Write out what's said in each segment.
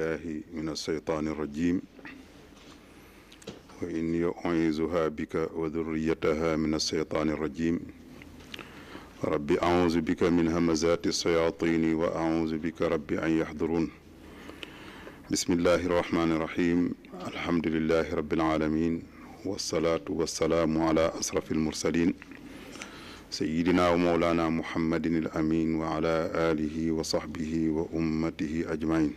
billahi min alsheytaani irrajim wa inni u'iizuha bika wa durriyataha min alsheytaani irrajim rabbi auzu bika min hamazati sayatini wa auzu bika rabbi an yaxduruun bismillahi irrahmaani irrahim alhamdulilahi rabbil alamin wasalaatu wasalaamu ala asrafi almursalin sayidina wa mawlana muhammadin al amin wa ala alihi wa sahbihi wa ummatihi ajmain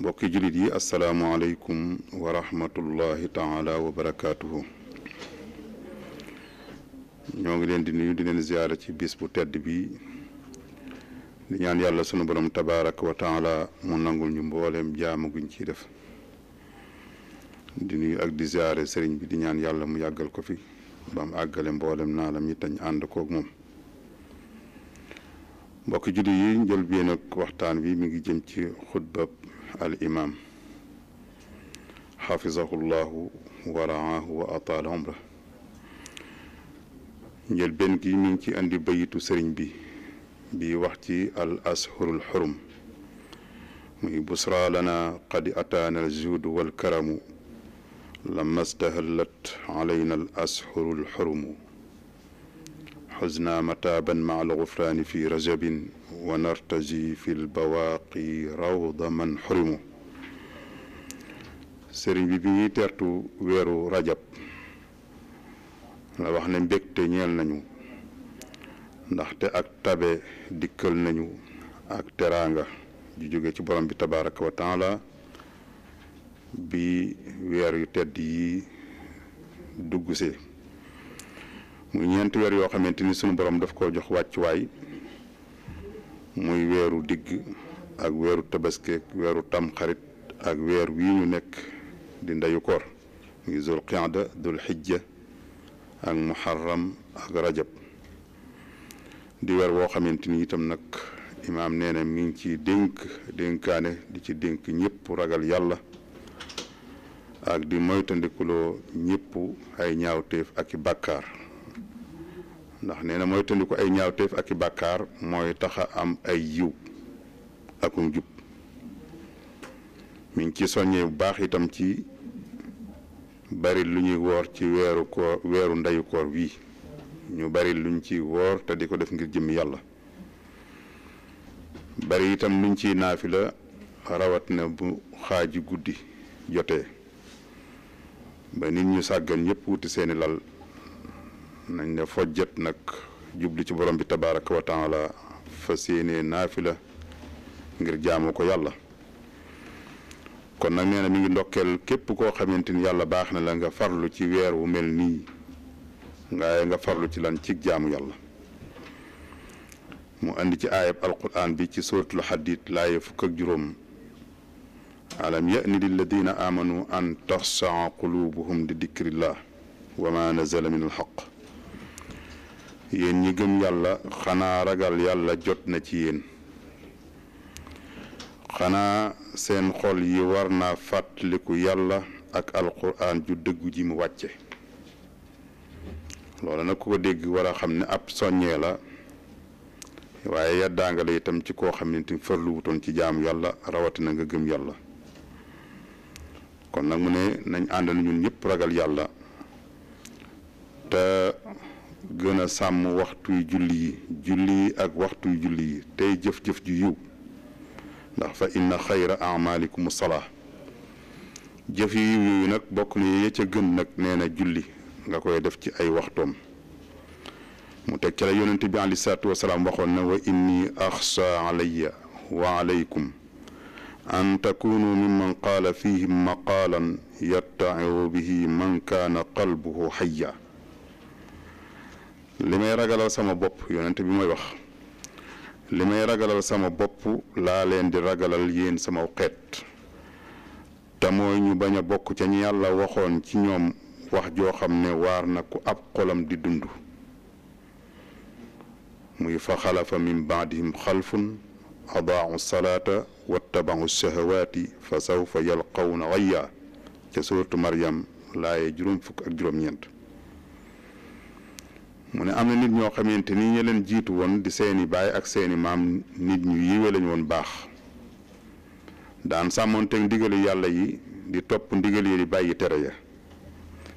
mbokki jullit yi asalaamualeykum wa rahmatullahi taala wa barakaatuhu ñoo ngi leen di nuyu di leen ziyaara ci bis bu tedd bi di ñaan yàlla sunu borom tabaaraka wa taala mu nangul ñu mbooleem jaamu guñ ciy def di nuyu ak di ziyaare sëriñ bi di ñaan yàlla mu yàggal ko fi ba mu àggale mboolem naalam yi tañ ànd koog moom mbokki jullit yi njëlbéen ak waxtaan bi mu ngi jëm ci xutba al imam xafizahu llahu wa raahu wa ataala umra njël benn gi mi ngi ci andi bayitu sëriñ bi bi wax ci al ashurul xurum muy busra lana qad ataana al juud wal karamu lama stahallat alayna al ashurul xurumu xusna mataaban maa al gufraani fi rajabin wa nartaji fi lbawaaqi rawda man xurimu sëriñ bi bi ñuy tertu weeru rajab la wax ne mbégte ñeel nañu ndaxte ak tabe dikkal nañu ak teraanga ju jóge ci borom bi tabaraka wa taala bi weer yu tedd yi dugg see mu ñeenti weer yoo xamante ni sunu borom daf ko jox wàccuwaay muy weeru digg ak weeru tabaskeek weeru tamxarit ak weer wii nekk di ndeyu koor ngi zul qiada dul xijja ak muharram ak rajab di weer woo xamante ni nag imaam nee na mi ngi ci dénk dénkaane di ci dénk ñëpp ragal yàlla ak di moytandikuloo ñépp ay ñaawteef ak i bàkkaar ndax nee na mooy ko ay ñaawteef ak i bàkkaar mooy taxa am ay yiw akum jub mi ci soññee bu baax itam ci bari lu ñuy woor ci weeru koor weeru ndeyu koor wii ñu bari luñ ci woor te di ko def ngir jëm yàlla bari itam luñ ciy naafila rawat na bu xaaji guddi jotee ba nit ñu sàggan ñëpp wuti seeni lal nañ ne fojjat nag jubli ci borom bi tabaraka wa taala fas yéene naafila ngir jaamu ko yàlla kon nag nee na mi ngi ndokkeel képp koo xamante ni yàlla baax na la nga farlu ci weer wu mel nii ngaaye nga farlu ci lan cig jaamu yàlla mu andi ci aayab alquran bi ci suratul xadid laaye fukk ak juróom alam yani lilladina amanu an taxsaa qulubuhum li dikrillah wa ma nazala min alxaq yéen ñi gëm yàlla xanaa ragal yàlla jot na ci yéen xanaa seen xol yi war naa fàttaliku yàlla ak alquran ju dëggu ji mu wàcce loola nag ku ko dégg war xam ne ab soññee la waaye yaddaanga la ci koo xam ne te farlu ci jaamu yàlla rawatina nga gëm yàlla kon nag mu ne nañ àndal ñun ñëpp ragal yàlla te gën a sàmm waxtuy julli julli ak waxtu julli yi tey jëf-jëf ju yiw ndax fa inna xayra amalikum salaa jëf yi yooyu nag bokk na ya gën nag nee julli nga koy def ci ay waxtoom mu teg ca la yonente bi alei salaatu wasalaam waxoon na wa inni axsa alayya wa alaykum an takunu mimman qaala fihim maqaalan yattaciru bihi man kaana qalbuhu xayya li may ragalal sama bopp yonent bi mooy wax li may ragalal sama bopp laa leen di ragalal yéen sama xeet te mooy ñu bañ a bokk ca ñu yàlla waxoon ci ñoom wax joo xam ne waar na ku ab xolam di dund muy fa xalafa min baadihim xalfun adaau salaata wattabau shahawaati fa sawfa yalqawna gayya ca suuratu Maryam laaye juróom fukk ak juróom-ñeent mu ne am na nit ñoo xamante ni ñi leen jiitu woon di seeni baay ak seeni maam nit ñu yiwe lañu woon baax daan sàmmoonteeg ndigalu yàlla yi di topp ndigal yi di bàyyi tere ya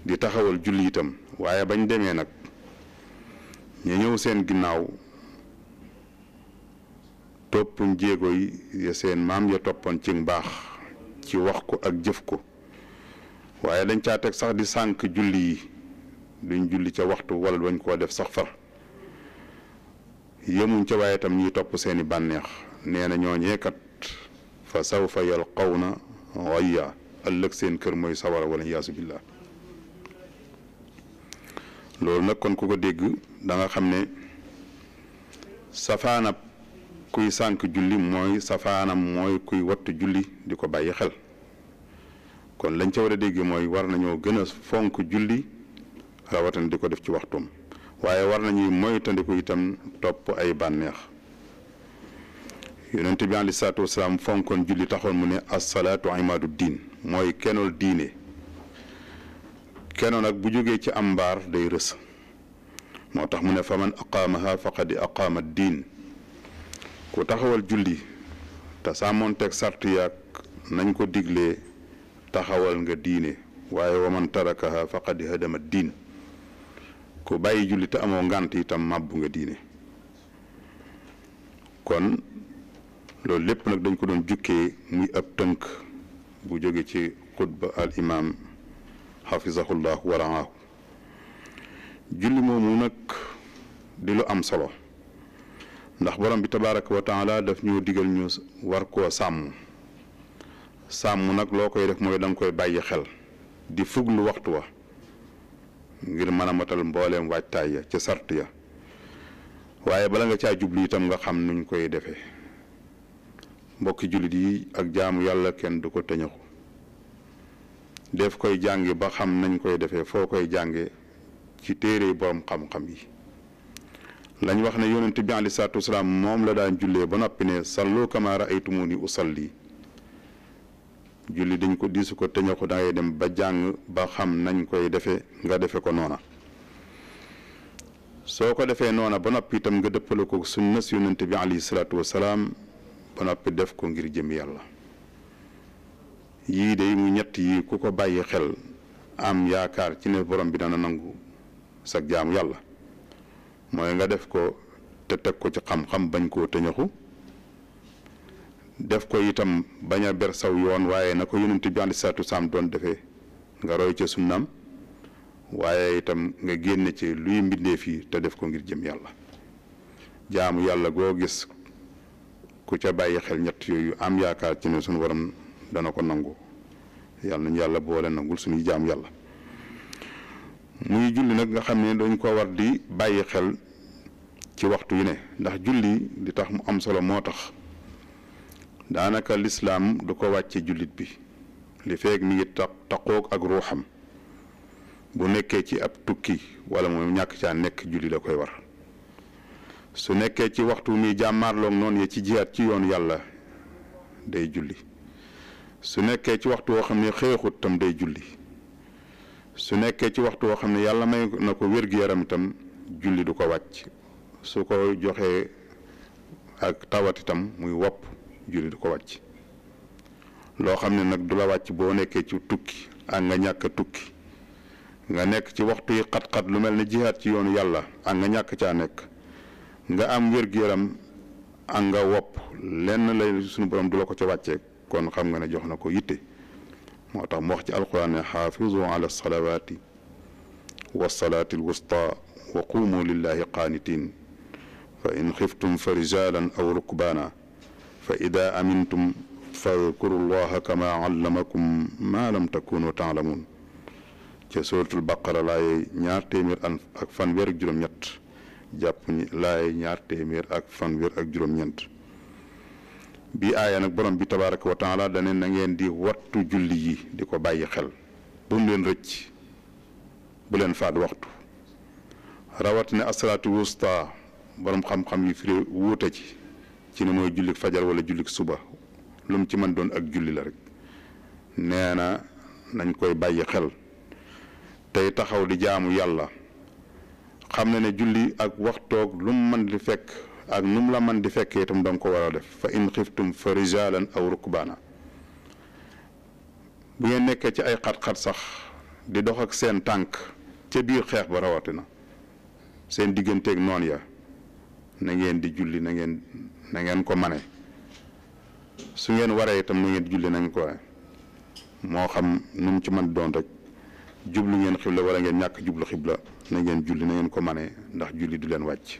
di taxawal julli itam waaye bañ demee nag ñu ñëw seen ginnaaw toppuñ jéego yi seen maam ya toppoon ci baax ci wax ko ak jëf ko waaye dañ caa sax di sànk julli yi duñ julli ca waxtu wala bañ koo def sax far yemuñ ca waaye itam ñuy topp seeni bànneex nee na ñooñee kat fa sawfa yalqawna ghayya ëllëg seen kër mooy sawara wala yaasu billah loolu nag kon ku ko dégg da xam ne safaanab kuy sànk julli mooy safaanam mooy kuy wattu julli di ko bàyyi xel kon lañ ca war a dégg mooy war nañoo gën a fonk julli rawatina di ko def ci waxtum waaye war nañuy moytandiku itam topp ay bànneex yonent bi aleyhi salaatu wasalaam fonkoon julli taxoon mu ne asalaatu imaadu diin mooy kenool diine kenoon nag bu jógee ci am mbaar day rës moo tax mu ne fa man aqaamaha faqad aqaama diin ku taxawal julli te sàmmoonteeg sart yaag nañ ko digle taxawal nga diine waaye wa man tarakaha faqad hadama diin ku bàyyi julli te amoo ngànt itam màbbu nga diine kon loolu lépp nag dañ ko doon jukkee muy ab tënk bu jóge ci xutba al imaam xafisahullah waraahu julli moomu nag di lu am solo ndax borom bi tabaraka wa taala daf ñoo digal ñu war koo sàmm sàmm nag loo koy def mooy danga koy bàyyi xel di fuglu waxtu wa ngir mën a matal mbooleem waajtaay ya ca sart ya waaye bala nga caa jublu itam nga xam nuñ koy defee mbokki jullit yi ak jaamu yàlla kenn du ko tëñëxu def koy jàngi ba xam nañ koy defee foo koy jànge ci téere borom xam-xam yi lañ wax ne yonent bi aleyhi salaatu wasalaam moom la daan jullee ba noppi ne sallu kama raaytumuni usalli julli dañ ko diisu ko tëña ko dangay dem ba jàng ba xam nañ koy defe nga defe ko noona soo ko defee noona ba noppi itam nga dëppale ko sunna si yonente bi alayhi salaatu wasalaam ba noppi def ko ngir jëm yàlla yii de mu ñett yi ku ko bàyyi xel am yaakaar ci ne borom bi dana nangu sag jaamu yàlla mooy nga def ko te teg ko ci xam-xam bañ koo tëñaxu def ko itam bañ a ber saw yoon waaye na ko yonent bi alayhi salaatu salaam doon defee nga roy ca sunnaam waaye itam nga génn ci luy mbindee fii te def ko ngir jëm yàlla jaamu yàlla goo gis ku ca bàyyi xel ñett yooyu am yaakaar ci ne suñu waram dana ko nangu yàlla nañu yàlla boole nangul suñuy jaamu yàlla muy julli nag nga xam ne dañ koo war di bàyyi xel ci waxtu yu ne ndax julli di tax mu am solo moo tax daanaka lislaam du ko wàcce jullit bi li feeg mi ngi ta ak ruuxam bu nekkee ci ab tukki wala mu ñàkk caa nekk julli la koy war su nekkee ci waxtu mi jàmmaarloog noonu ya ci jiyaat ci yoon yàlla day julli su nekkee ci waxtu woo xam ne xeexut tam day julli su nekkee ci waxtu woo xam ne yàlla may na ko wér-gu-yaram itam julli du ko wàcc su ko joxee ak tawatitam muy wopp julli ko wàcc loo xam ne nag du la boo nekkee ci tukki ak nga ñàkk tukki nga nekk ci waxtu yi xat-xat lu mel ne jihaat ci yoonu yàlla ak nga ñàkk caa nekk nga am wér-gu-yaram ak nga wopp lenn lay suñu borom du la ko ca wàccee kon xam nga ne jox na ko yitte moo tax mu wax ci alquran ne xaafizu ala salawaati wa salaati alwusta wa qumu lillahi qaanitin fa in xiftum fa rijalan aw rukbaana fa ida amintum fadkuru llaha kama allamakum ma lam takunu taalamuun ca suratul baqara laaye ñaar téeméer ak fanweer ak juróom-ñett jàpp ni ñaar téeméer ak fanweer ak juróom-ñeent bi aaya nag borom bi tabaraka wa taala dane na ngeen di wattu julli yi di ko bàyyi xel bu mu leen rëcc bu leen faat waxtu rawatina asalaatu wusta borom xam-xam yi firi wuute ci ci ne mooy julli fajar wala jullik suba lu ci mën doon ak julli la rek nee na nañ koy bàyyi xel tey taxaw di jaamu yàlla xam na ne julli ak waxtoog lum mu mën di fekk ak num la mën di fekkee tam danga ko war a def fa in xiftum fa rijalan aw rukbaana bu ngeen nekkee ci ay xat-xat sax di dox ak seen tànk ca biir xeex ba rawatina seen digganteeg noon ya na ngeen di julli na ngeen nangeen ko mane su ngeen waree itam mu ngeen julli nañ ko moo xam nu mu ci mën doon rek jublu ngeen xibla wala ngeen ñàkk jublu xibla na ngeen julli na ngeen ko mane ndax julli du leen wàcc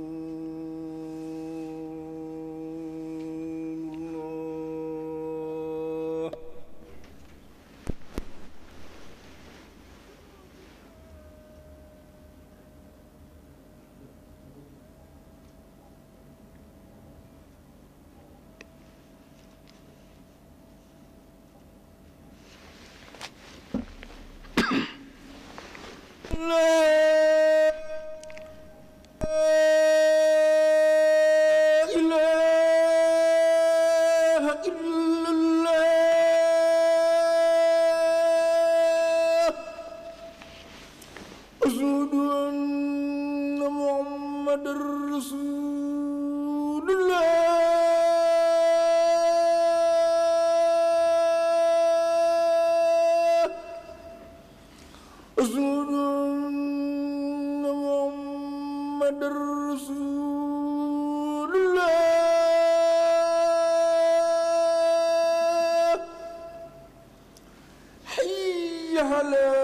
la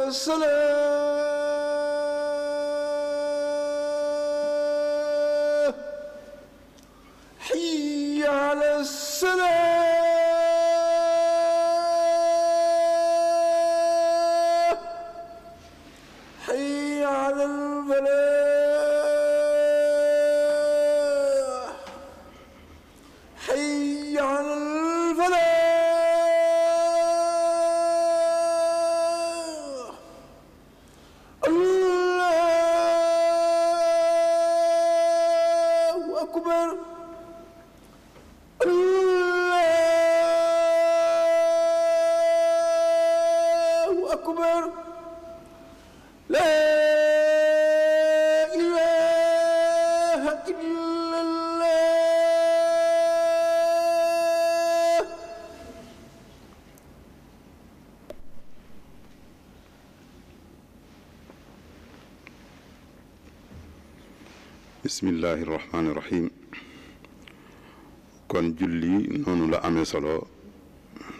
السلام bismillahi irrahmaani irrahim kon julli noonu la amee solo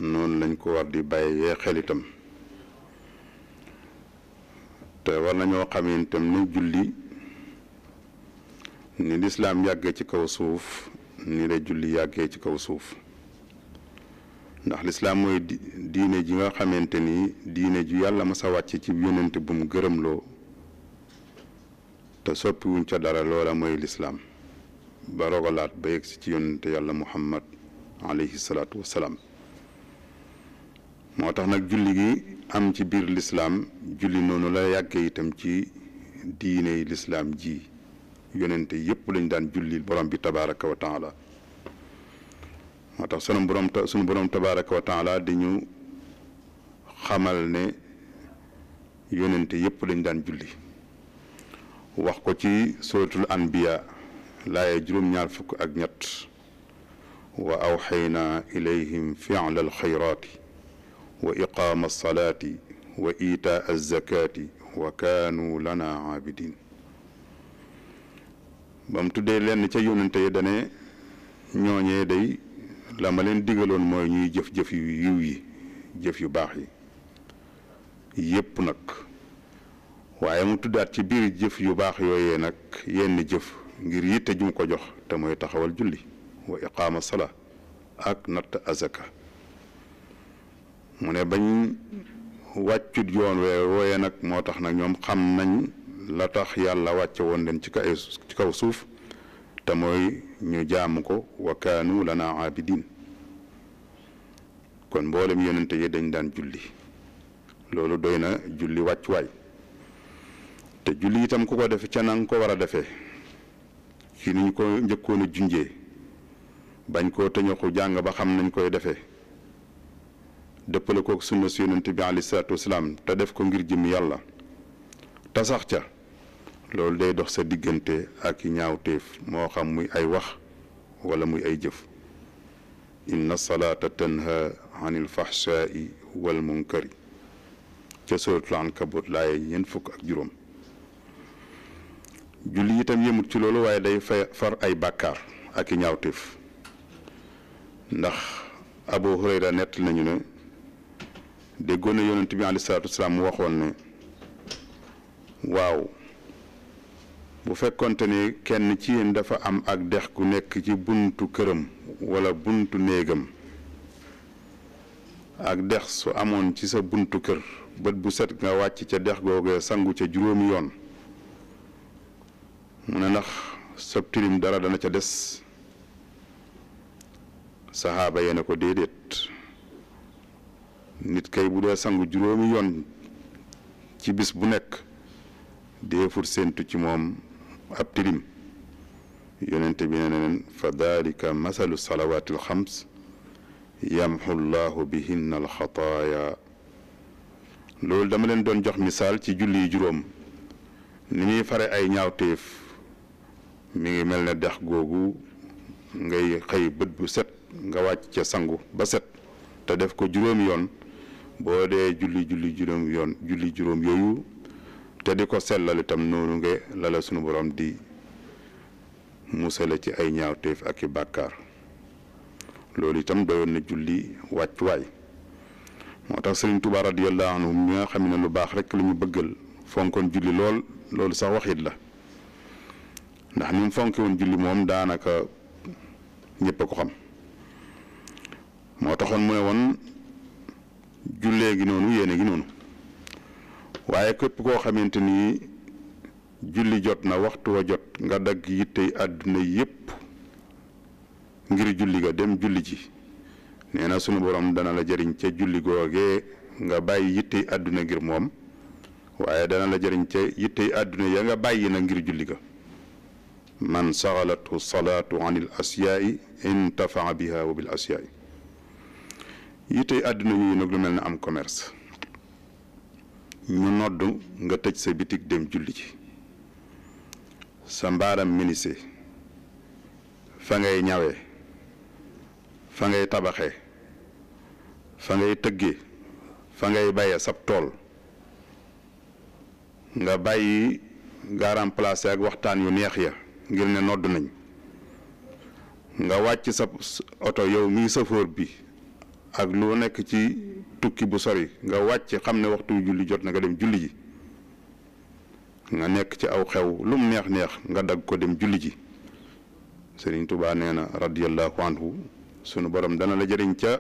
noonu lañ ko war di bàyyee xel itam te war nañoo xamee itam ne julli ni lislaam yàggee ci kaw suuf ni la julli yàggee ci kaw suuf ndax lislaam mooy diine ji nga xamante ni diine ju yàlla ma sa wàcc ci yonent bu mu gërëm loo te soppiwuñ ca dara loola mooy lislaam ba rogalaat ba yegg si ci yonente yàlla muhammad alayhi salaatu wasalaam moo tax nag julli gi am ci biir lislaam julli noonu la yàggee itam ci diiney lislaam ji yonent yépp lañ daan julli borom bi tabaraka wa taala moo tax sunu borom sunu borom tabaraka di ñu xamal ne yonente yépp lañ daan julli wax ko ci suratul anbiya laaya juróom-ñaar fukk ak ñett wa awxayna ilayhim fiala alxayraati wa iqaama alsalaati wa itaa alzakaati wa kaanu lana aabidin ba mu tuddee lenn ca yónnante yi dane ñooñee day la ma leen digaloon mooy ñuy jëf-jëf yu yiw yi jëf yu baax yi yépp nag waaye mu tuddaat ci biir jëf yu baax yooyee nag yenn jëf ngir yitte ju ko jox te mooy taxawal julli wa iqaama sala ak natt azaka mu ne bañ wàccut yoon wee wooyee nag moo tax nag ñoom xam nañ la tax yàlla wàcce woon leen ci kaw kaw suuf te mooy ñu jaamu ko wakaanu kaanu lana abidin kon mboolem yonente yi dañ daan julli loolu doy na julli wàcc wàccuwaay te julli itam ku ko def ca na nga ko war a defee ci nuñ ko njëkkoon a bañ koo tëñëxu jàng ba xam nañ koy defee dëppale kook sunna su yonent bi te def ko ngir jëm yàlla te sax ca loolu day dox sa diggante ak i ñaawteef moo xam muy ay wax wala muy ay jëf inna salaata tanha anil fahshaai wal munkari ca suratul ankabut laaye ñeent fukk ak juróom julli itam yëmut ci loolu waaye day far ay bàkkaar ak i ñaawteef ndax Abu Hurayra nett nañu ne déggoon na yonent bi aleyhi salaatu wa mu waxoon ne waaw bu fekkonte ni kenn ci yéen dafa am ak dex ku nekk ci buntu këram walla buntu néegam ak dex su amoon ci sa buntu kër bët bu set nga wàcc ca dex googee sangu ca juróomi yoon mu ne ndax sab tilim dara dana ca des saxaaba yee ne ko déedéet nit kay bu dee sangu juróomi yoon ci bis bu nekk deefur séentu ci moom ab tilim yonente bi ne neen fa dalika masalu salawaati alxams yamxu llahu bihinna alxataaya loolu dama leen doon jox misaal ci julli yi juróom ni ñuy fare ay ñaawteef mi ngi mel na dex googu ngay xëy bët bu set nga wàcc ca sangu ba set te def ko juróom yoon boo dee julli julli juróom yoon julli juróom yooyu te di ko sellal itam noonu nga lala sunu borom di musale ci ay ñaawteef ak i bàkkaar loolu itam doyoon na julli wàccuwaay moo tax Sëriñ Tuubaa radiyallaahu anhu xam ne lu baax rek lu ñu bëggal fonkoon julli lool loolu sax waxit la ndax ni mu fonke woon julli moom daanaka ñëpp a ko xam moo taxoon mu ne woon jullee gi noonu yéene gi noonu waaye képp koo xamante ni julli jot na waxtu wa jot nga dagg yittey àdduna yépp ngir julli ga dem julli ji nee na sunu borom dana la jëriñ ca julli googee nga bàyyi yittey àdduna ngir moom waaye dana la jëriñ ca yittey àdduna ya nga bàyyi na ngir julli ga man saxalathu salaatu an il asyaai intafaa biha wa bil asyaai yi tey àddina lu mel ne am commerce ñu nodd nga tëj sa bitig dem julli ci sa mbaaram minise fa ngay ñawee fa ngay tabaxee fa ngay tëggee fa ngay bayee sab tool nga bàyyi garam place ak waxtaan yu neex ya ngir ne nodd nañ nga wàcc sa oto yow mii safoor bi ak lu nekk ci tukki bu sori nga wàcc xam ne waxtu julli jot na nga dem julli ji nga nekk ci aw xew lu mu neex neex nga dagg ko dem julli ji sëriñ tubaa nee na radiyallahu sunu borom dana la jëriñ ca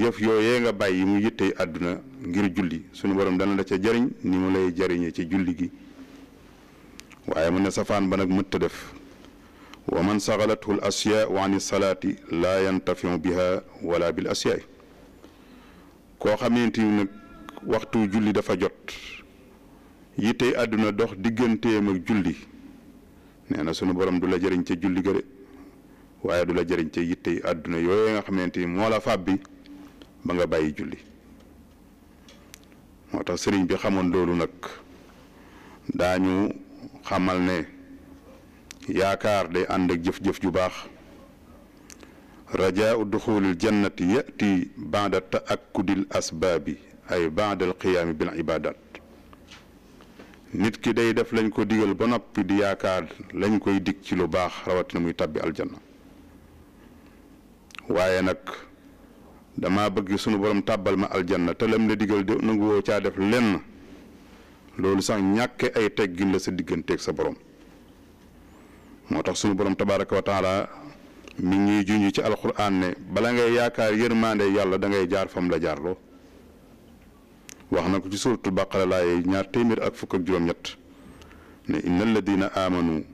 yëf yooyee nga bàyyi mu yittey àdduna ngir julli sunu borom dana la ca jariñ ni mu lay jariñe ci julli gi waaye mu ne safaan ba nag mëtta def wa man saxalathu l asyaau an salaati laa yantafiu biha wala bil asyaai koo xamante nag waxtu julli dafa jot yittey àdduna dox digganteem ak julli nee na sunu borom du la jëriñ ca julli ga de waaye du la jëriñ ca yittey àdduna yooyu nga xamante ni moo la fàbbi ba nga bàyyi julli moo tax sëriñ bi xamoon loolu nag daañu xamal ne yaakaar day ànd ak jëf-jëf ju baax rajaa u duxulil jannati yati baada taakkudil asbaabi ay baada alqiyaami bil ibadat nit ki day def lañ ko digal ba noppi di yaakaar lañ koy dig ci lu baax rawatina muy tàbbi aljanna waaye nag dama bëgg sunu borom tàbbal ma aljanna te lam la digal de nanguwoo caa def lenn loolu sax ñàkke ay teggin la sa digganteeg sa borom moo tax sunu borom tabaaraka wa taala ñuy junj ci alquran ne bala ngay yaakaar yërmande yàlla da ngay jaar fam la jaarloo wax na ko ci suratul baqara laay ñaar téeméer ak fukk ak juróom-ñett ne inna alladina amanu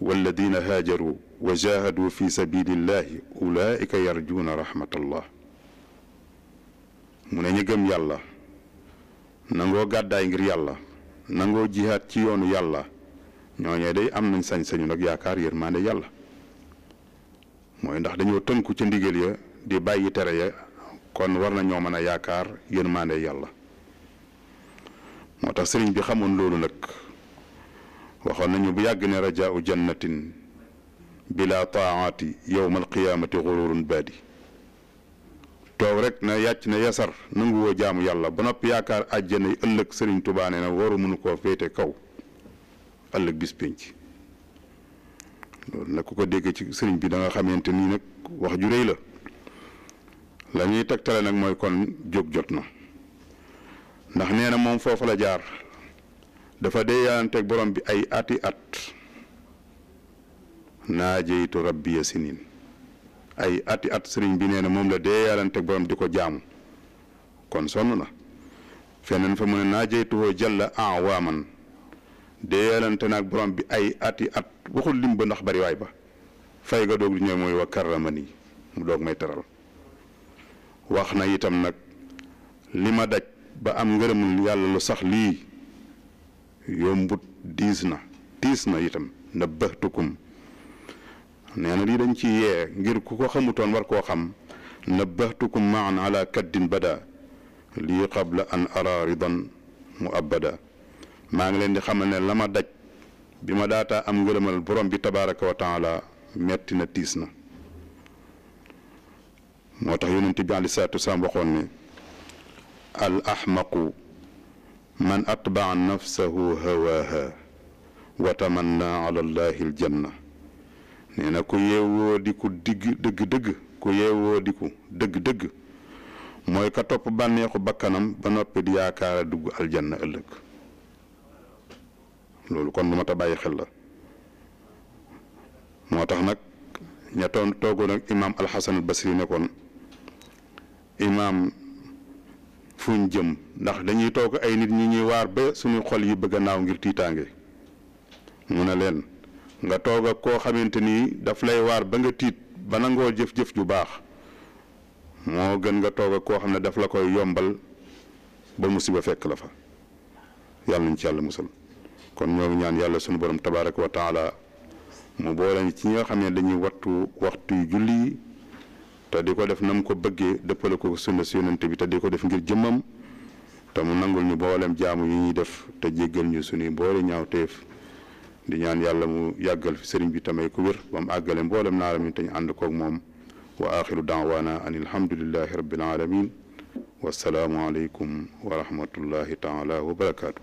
walladina haajaru wa jahadu fi sabilillahi ulaika yarjuuna rahmatallah mu ne ñu gëm yàlla nangoo gàddaay ngir yàlla nangoo jihaat ci yoonu yàlla ñooñee day am nañ sañ-sañu nag yaakaar yërmande yàlla mooy ndax dañoo tënku ca ndigal ya di bàyyi tere ya kon war na ñoo mën a yaakaar yërmande yàlla moo tax sëriñ bi xamoon loolu nag waxoon nañu bu yàgg ne rajaau jannatin bila taati yowma alqiyaamati gururun baadi toog rek na yàcc na yasar nanguwoo jaamu yàlla ba noppi yaakaar àjjana yi ëllëg sëriñ tubaa na waru mënu koo féete kaw ëllëg bis loolu nag ku ko dégg ci sëriñ bi da nga xamante nii nag wax ju réy la lañuy teg tegtale nag mooy kon jóg jot na ndax nee na moom foofa la jaar dafa dee yaalanteeg borom bi ay ati at naajeytu rabbiya sinin ay ati at sëriñ bi nee na moom la dee yaalanteeg borom di ko jaamu kon sonn na feneen fa mu ne naa jeytuwoo jàlla ah waa man dee yaalante naag borom bi ay ati at waxul lim ba ndax bariwaay ba fay ga doog di ñëw mooy wa karrama nii mu doog may teral wax na itam nag li ma daj ba am ngërëmul yàlla lu sax lii yombut diis na tiis na itam na bëxtukum nee na lii dañ ci yee ngir ku ko xamutoon war koo xam nabbahtukum maan ala kaddin bada lii qabla an araridan mu abada maa ngi leen di xamal ne la ma daj bi ma daata am ngërëmal borom bi tabaraka wa taala metti na tiis na moo tax yonent bi alei salatu wasalaam waxoon ne al axmaqu man atbaa nafsahu hawaha wa tamanna ala allahi aljanna nee na ku yeewoo di digg dëgg-dëgg ku yeewoo di dëgg-dëgg mooy ka topp bànneexu bakkanam ba noppi di yaakaara dugg aljanna ëllëg loolu kon lu ma bàyyi xel la moo tax nag ña toon toogoon ak imaam alxasan al basri nekkoon imaam fuñ jëm ndax dañuy toog ay nit ñi ñuy waar ba suñu xol yi bëgg a naaw ngir tiitaange mu ne leen nga toog ak koo xamante ni daf lay waar ba nga tiit ba nangoo jëf-jëf ju baax moo gën nga toog ak koo xam ne daf la koy yombal ba musiba fekk la fa yàlla nañ ci yàlla musal kon ñoo ngi ñaan yàlla sunu borom tabaraka wa taala mu boole ci ñi nga xam ne dañuy wattu waxtu yu julli yi te di ko def nam ko bëggee dëppale ko sunna si yonente bi te di ko def ngir jëmmam te mu nangul ñu booleem jaamu yi ñuy def te jéggal ñu sunuy mboole ñaaw téef di ñaan yàlla mu yàggal fi sëriñ bi tamay ko wér ba mu àggale mboolem naaram ñu te ñu ànd koog moom wa axiru daawaana an alhamdulillahi rabbil alamin wasalaamu aleykum wa rahmatullahi taala wa barakaatu.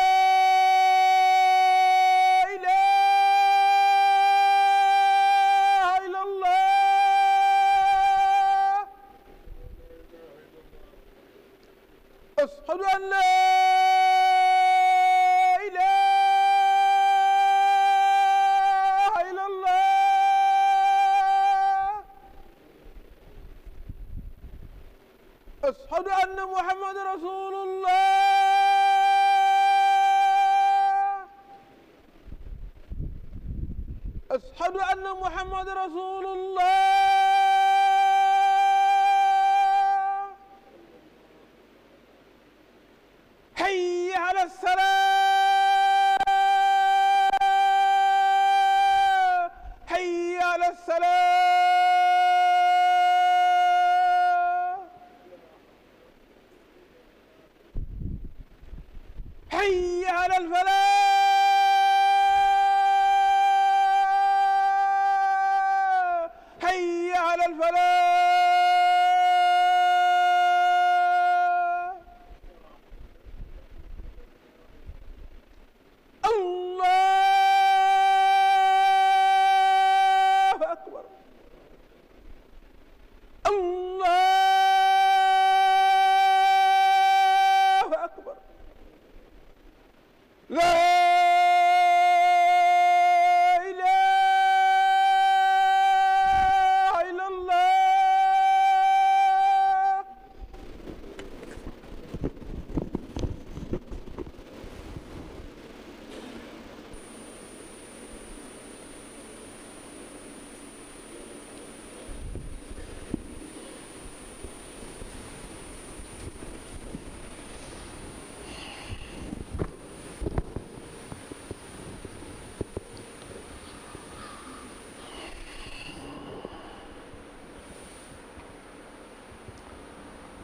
رسول الله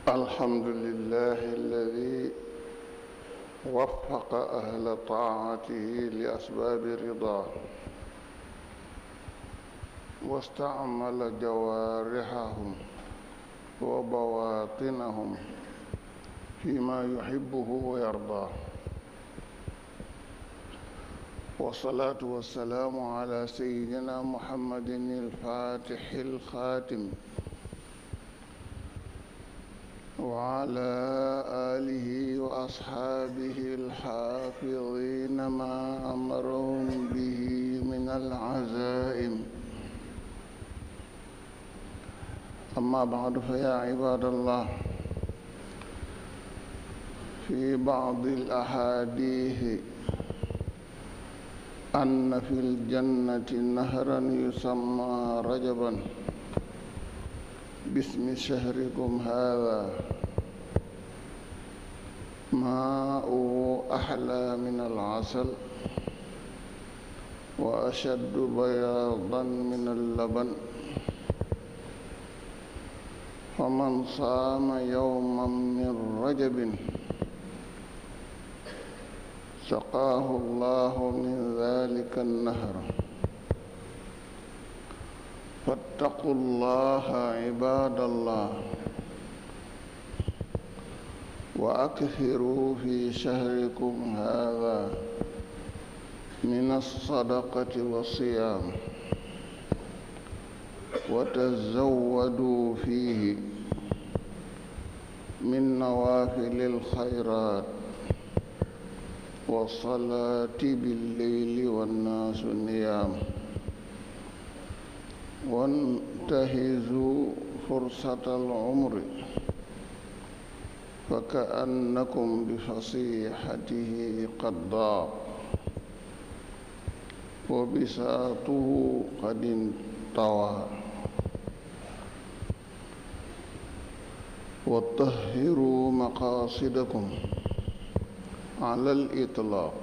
الحمد لله الذي وفق أهل طاعته لأسباب رضاه واستعمل جوارحهم وبواطنهم فيما يحبه ويرضاه والصلاة والسلام على سيدنا محمد الفاتح الخاتم وعلى آله وأصحابه الحافظين ما أمرهم به من العزائم أما بعد فيا عباد الله في بعض الأحاديث أن في الجنة نهرا يسمى رجبا باسم شهركم هذا ماء أحلى من العسل وأشد بياضا من اللبن فمن صام يوما من رجب سقاه الله من ذلك النهر فاتقوا الله عباد الله وأكثروا في شهركم هذا من الصدقة والصيام وتزودوا فيه من نوافل الخيرات والصلاة بالليل والناس نيام وانتهزوا فرصة العمر فكأنكم بفصيحته قد ضاق وبساطه قد انطوى وطهروا مقاصدكم على الإطلاق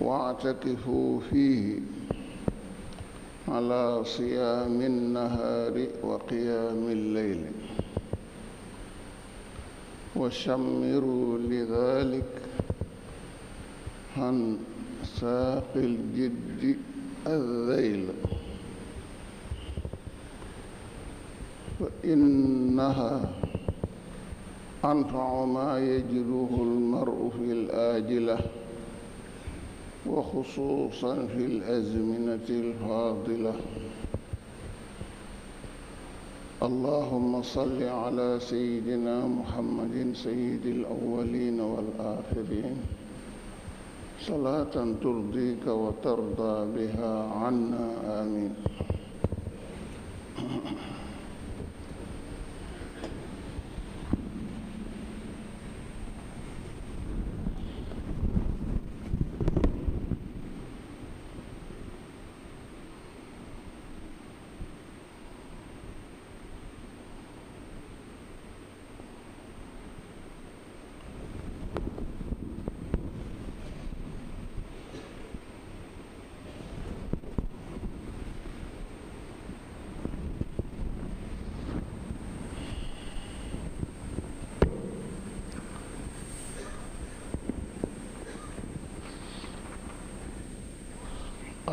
واعتكفوا فيه على صيام النهار وقيام الليل وشمروا لذلك عن ساق الجد الذيل فإنها أنفع ما يجره المرء في الآجلة وخصوصا في الأزمنة الفاضلة اللهم صل على سيدنا محمد سيد الأولين والآخرين صلاة ترضيك وترضى بها عنا آمين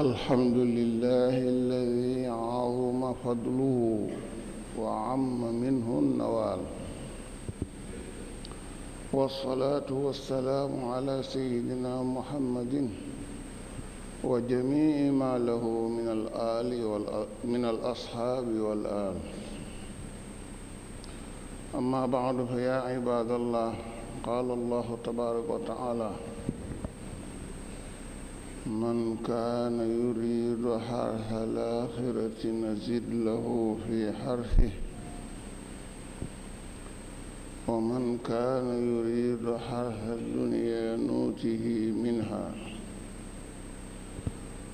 الحمد لله الذي عظم فضله وعم منه النوال والصلاة والسلام على سيدنا محمد وجميع ما له من الآل والأ... من الأصحاب والآل أما بعد فيا عباد الله قال الله تبارك وتعالى من كان يريد حرث الآخرة نزد له في حرثه ومن كان يريد حرث الدنيا نوته منها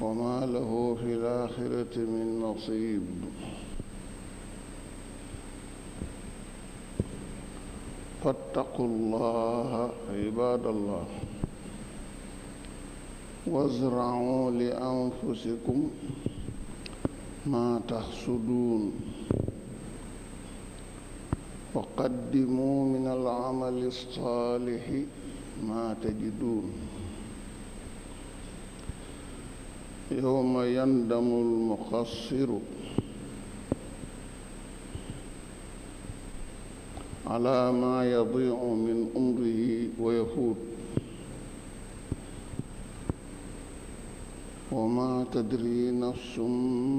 وما له في الآخرة من نصيب فاتقوا الله عباد الله wasra'u li anfusikum ma tahsudun wa qaddimu min al-amali as-salihi ma tajidun yawma yandamu al-muqassiru ala ma yadi'u min umrihi wa yafut وما تدري نفس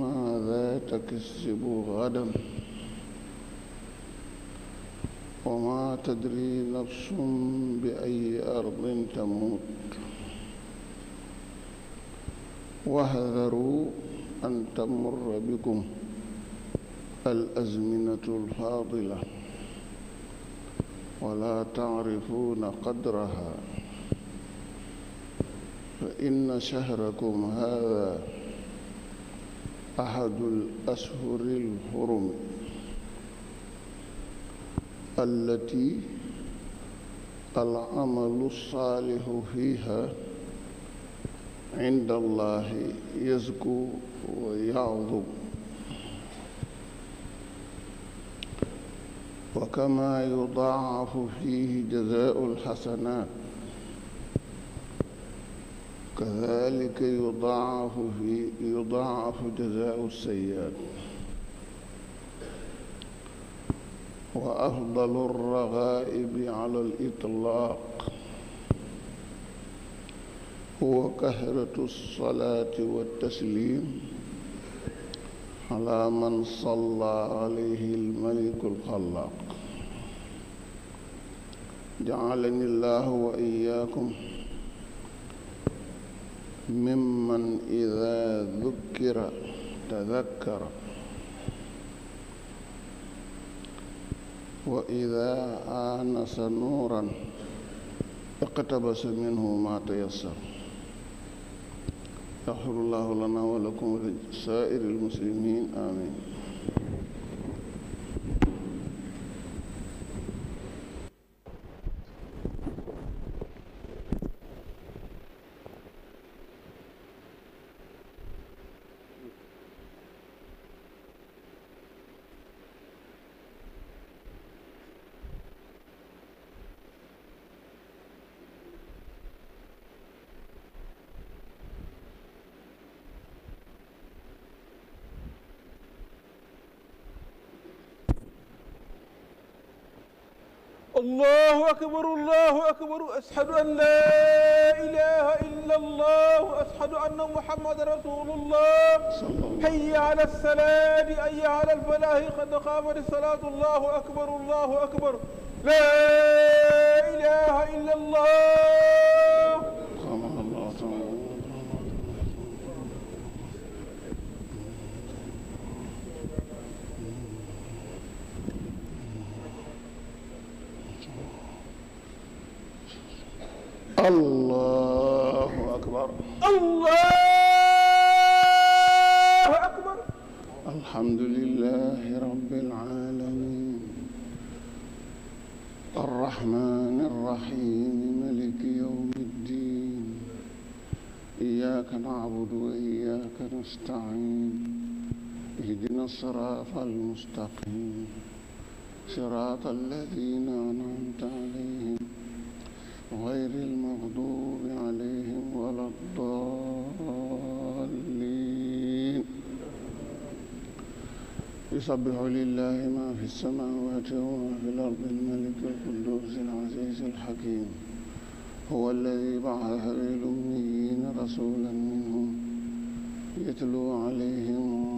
ماذا تكسب غدا وما تدري نفس بأي أرض تموت واحذروا أن تمر بكم الأزمنة الفاضلة ولا تعرفون قدرها فإن شهركم هذا أحد الأشهر الحرم التي العمل الصالح فيها عند الله يزكو ويعظم وكما يضاعف فيه جزاء الحسنات كذلك يضاعف في يضاعف جزاء السيئات وأفضل الرغائب على الإطلاق هو كثرة الصلاة والتسليم على من صلى عليه الملك الخلاق جعلني الله وإياكم ممن إذا ذكر تذكر وإذا آنس نورا اقتبس منه ما تيسر يغفر الله لنا ولكم ولسائر المسلمين آمين أكبر الله أكبر أشهد أن لا إله إلا الله أشهد أن محمد رسول الله حي على السلام حي على الفلاح قد قامت الصلاة الله أكبر الله أكبر لا إله إلا الله الصراط المستقيم صراط الذين أنعمت عليهم غير المغضوب عليهم ولا الضالين يسبح لله ما في السماوات وما في الأرض الملك القدوس العزيز الحكيم هو الذي بعث للأميين رسولا منهم يتلو عليهم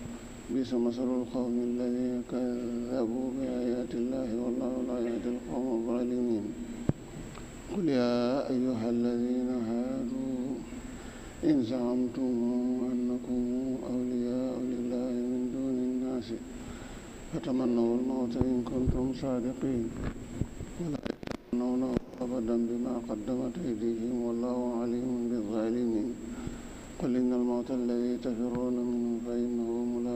بئس مثل القوم الذين كذبوا بآيات الله والله لا يهدي القوم الظالمين قل يا أيها الذين هادوا إن زعمتم أنكم أولياء لله من دون الناس فتمنوا الموت إن كنتم صادقين ولا يتمنونه أبدا بما قدمت أيديهم والله عليم بالظالمين قل إن الموت الذي تفرون منه فإنه ملاقيه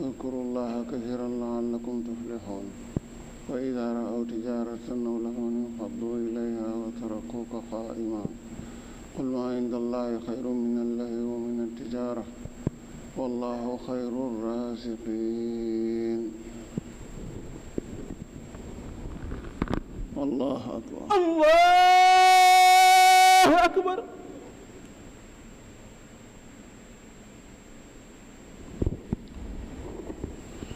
واذكروا الله كثيرا لعلكم تفلحون وإذا رأوا تجارة أو لهوا انفضوا إليها وتركوك قائما قل ما عند الله خير من الله ومن التجارة والله خير الرازقين الله أكبر الله أكبر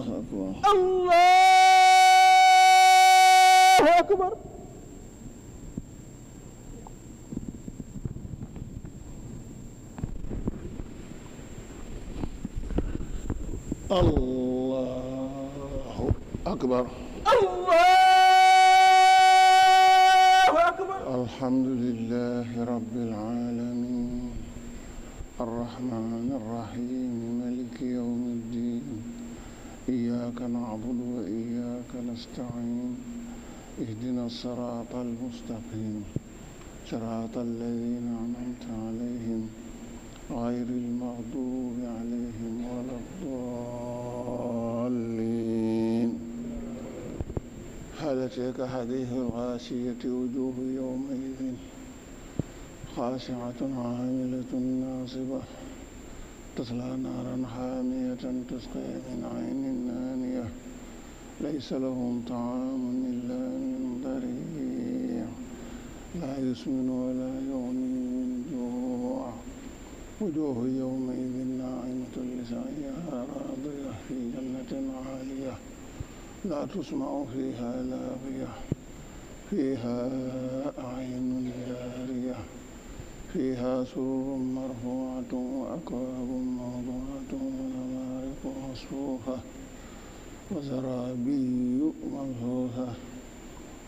الله أكبر الله الصراط المستقيم صراط الذين أنعمت عليهم غير المغضوب عليهم ولا الضالين هل تلك حديث الغاشية وجوه يومئذ خاشعة عاملة ناصبة تصلى نارا حامية تسقي من عين آنية ليس لهم طعام إلا يعيس ولا يغني من جوع وجوه يومئذ ناعمة لسعيها راضية في جنة عالية لا تسمع فيها لاغية فيها أعين جارية فيها سرور مرفوعة وأكواب موضوعة ونمارق مصفوفة وزرابي مبثوثة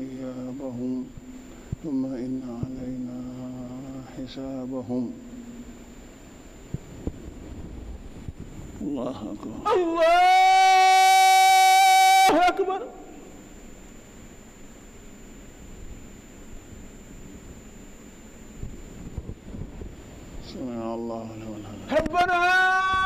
إيابهم ثم إن علينا حسابهم الله أكبر الله أكبر سمع الله لمن حمده ربنا